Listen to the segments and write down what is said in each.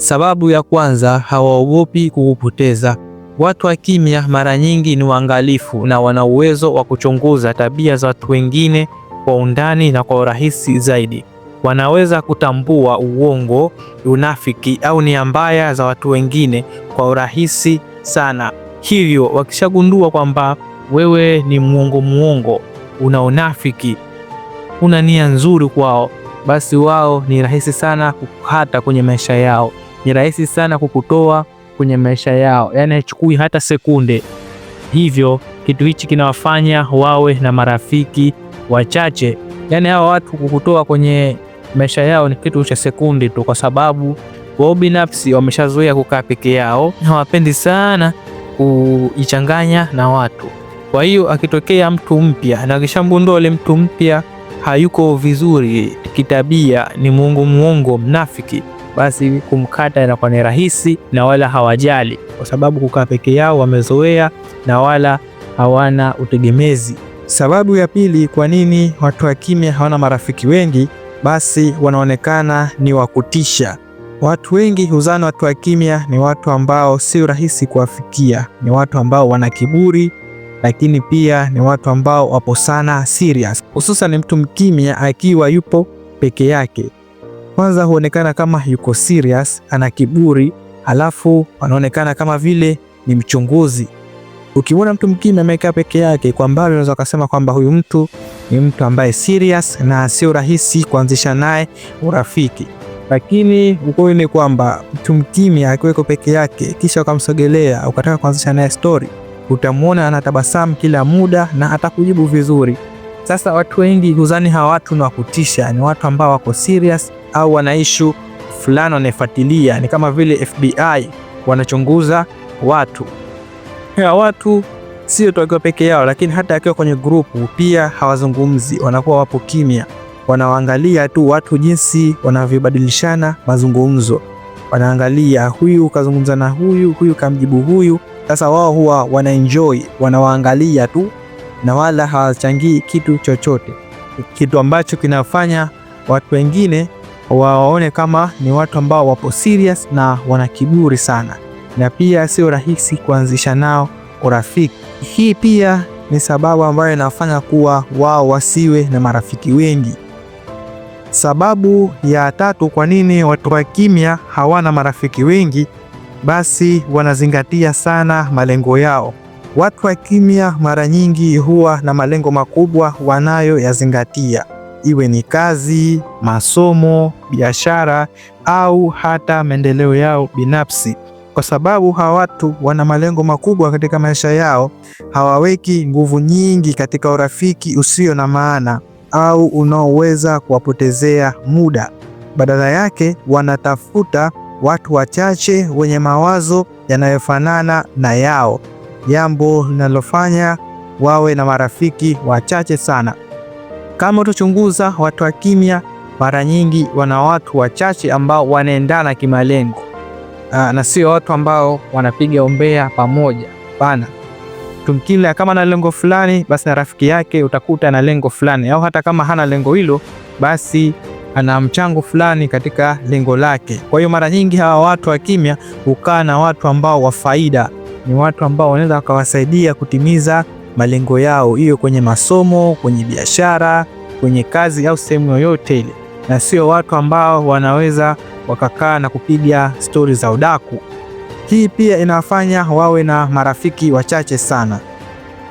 Sababu ya kwanza, hawaogopi kukupoteza. Watu wa kimya mara nyingi ni waangalifu na wana uwezo wa kuchunguza tabia za watu wengine kwa undani na kwa urahisi zaidi. Wanaweza kutambua uongo, unafiki au nia mbaya za watu wengine kwa urahisi sana. Hivyo wakishagundua kwamba wewe ni muongo muongo, una unafiki, una nia nzuri kwao, basi wao ni rahisi sana kukata kwenye maisha yao ni rahisi sana kukutoa kwenye maisha yao, yaani haichukui hata sekunde. Hivyo kitu hichi kinawafanya wawe na marafiki wachache. Yaani hawa watu kukutoa kwenye maisha yao ni kitu cha sekunde tu, kwa sababu wao binafsi wameshazoea kukaa peke yao, hawapendi sana kujichanganya na watu. Kwa hiyo akitokea mtu mpya na akishambundua ule mtu mpya hayuko vizuri kitabia, ni muongo muongo, mnafiki basi kumkata inakuwa ni rahisi na wala hawajali, kwa sababu kukaa peke yao wamezoea na wala hawana utegemezi. Sababu ya pili, kwa nini watu wa kimya hawana marafiki wengi? Basi wanaonekana ni wakutisha. Watu wengi huzana watu wa kimya ni watu ambao sio rahisi kuwafikia, ni watu ambao wana kiburi lakini pia ni watu ambao wapo sana serious, hususan mtu mkimya akiwa yupo peke yake kwanza huonekana kama yuko serious, ana kiburi, alafu anaonekana kama vile ni mchunguzi. Ukimwona mtu mkimya amekaa peke yake, kwa mbali unaweza kusema kwamba huyu mtu ni mtu ambaye serious na sio rahisi kuanzisha naye urafiki. Lakini ukweli ni kwamba mtu mkimya akiweko peke yake, kisha ukamsogelea ukataka kuanzisha naye story, utamwona anatabasamu kila muda na atakujibu vizuri. Sasa watu wengi huzani hawa watu ni wakutisha, ni watu ambao wako serious au wana issue fulani wanaefuatilia, ni kama vile FBI wanachunguza watu ya watu sio tu peke yao, lakini hata akiwa kwenye grupu pia hawazungumzi, wanakuwa wapo kimya, wanaangalia tu watu jinsi wanavyobadilishana mazungumzo. Wanaangalia huyu kazungumza na huyu, huyu kamjibu huyu. Sasa wao huwa wanaenjoy, wanawaangalia tu na wala hawachangii kitu chochote, kitu ambacho kinafanya watu wengine waone kama ni watu ambao wapo serious na wana kiburi sana, na pia sio rahisi kuanzisha nao urafiki. Hii pia ni sababu ambayo inafanya kuwa wao wasiwe na marafiki wengi. Sababu ya tatu, kwa nini watu wa kimya hawana marafiki wengi? Basi wanazingatia sana malengo yao. Watu wa kimya mara nyingi huwa na malengo makubwa wanayoyazingatia, iwe ni kazi, masomo, biashara au hata maendeleo yao binafsi. Kwa sababu hawa watu wana malengo makubwa katika maisha yao, hawaweki nguvu nyingi katika urafiki usio na maana au unaoweza kuwapotezea muda. Badala yake, wanatafuta watu wachache wenye mawazo yanayofanana na yao jambo linalofanya wawe na marafiki wachache sana. Kama utachunguza watu wa kimya, mara nyingi wana watu wachache ambao wanaendana kimalengo, ah, na sio watu ambao wanapiga umbea pamoja. Hapana, tumkile kama na lengo fulani, basi na rafiki yake utakuta na lengo fulani, au hata kama hana lengo hilo, basi ana mchango fulani katika lengo lake. Kwa hiyo mara nyingi hawa watu wa kimya hukaa na watu ambao wa faida ni watu ambao wanaweza wakawasaidia kutimiza malengo yao, hiyo kwenye masomo, kwenye biashara, kwenye kazi au sehemu yoyote ile, na sio watu ambao wanaweza wakakaa na kupiga stori za udaku. Hii pia inafanya wawe na marafiki wachache sana.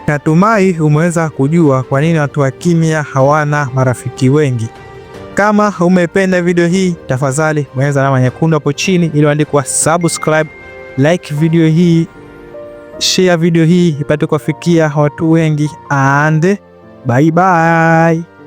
Natumai umeweza kujua kwa nini watu wa kimya hawana marafiki wengi. Kama umependa video hii, tafadhali bonyeza alama nyekundu hapo chini iliyoandikwa subscribe, like video hii share video hii ipate kuwafikia watu wengi and bye bye.